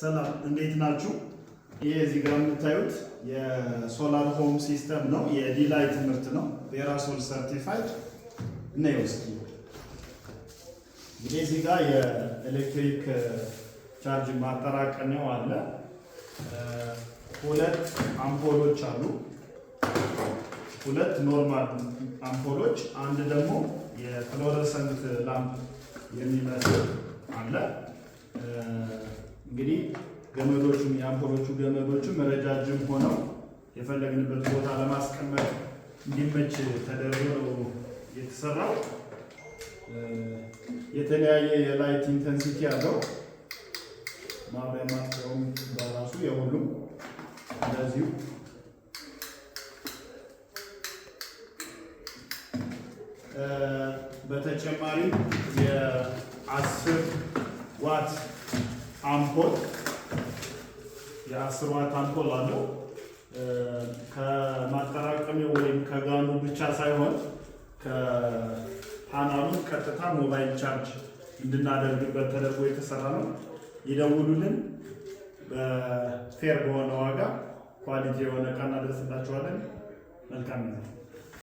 ሰላም እንዴት ናችሁ? ይህ እዚህ ጋር የምታዩት የሶላር ሆም ሲስተም ነው። የዲላይ ትምህርት ነው። ቬራሶል ሰርቲፋይድ እና የውስጥ እንግዲህ እዚህ ጋር የኤሌክትሪክ ቻርጅ ማጠራቀሚያው አለ። ሁለት አምፖሎች አሉ። ሁለት ኖርማል አምፖሎች፣ አንድ ደግሞ የፍሎረሰንት ላምፕ የሚመስል አለ። እንግዲህ ገመዶቹም የአምፖሎቹ ገመዶችም ረጃጅም ሆነው የፈለግንበት ቦታ ለማስቀመጥ እንዲመች ተደርጎ ነው የተሰራው። የተለያየ የላይት ኢንተንሲቲ አለው። ማብሪያ በራሱ የሁሉም እንደዚሁ በተጨማሪ የአስር ዋት አምፖል የአስር ዋት አምፖል አለው። ከማጠራቀሚያው ወይም ከጋኑ ብቻ ሳይሆን ከፓናሉ ቀጥታ ሞባይል ቻርጅ እንድናደርግበት ተደርጎ የተሰራ ነው። ይደውሉልን። በፌር በሆነ ዋጋ ኳሊቲ የሆነ ዕቃ እናደርስላችኋለን። መልካም ነው።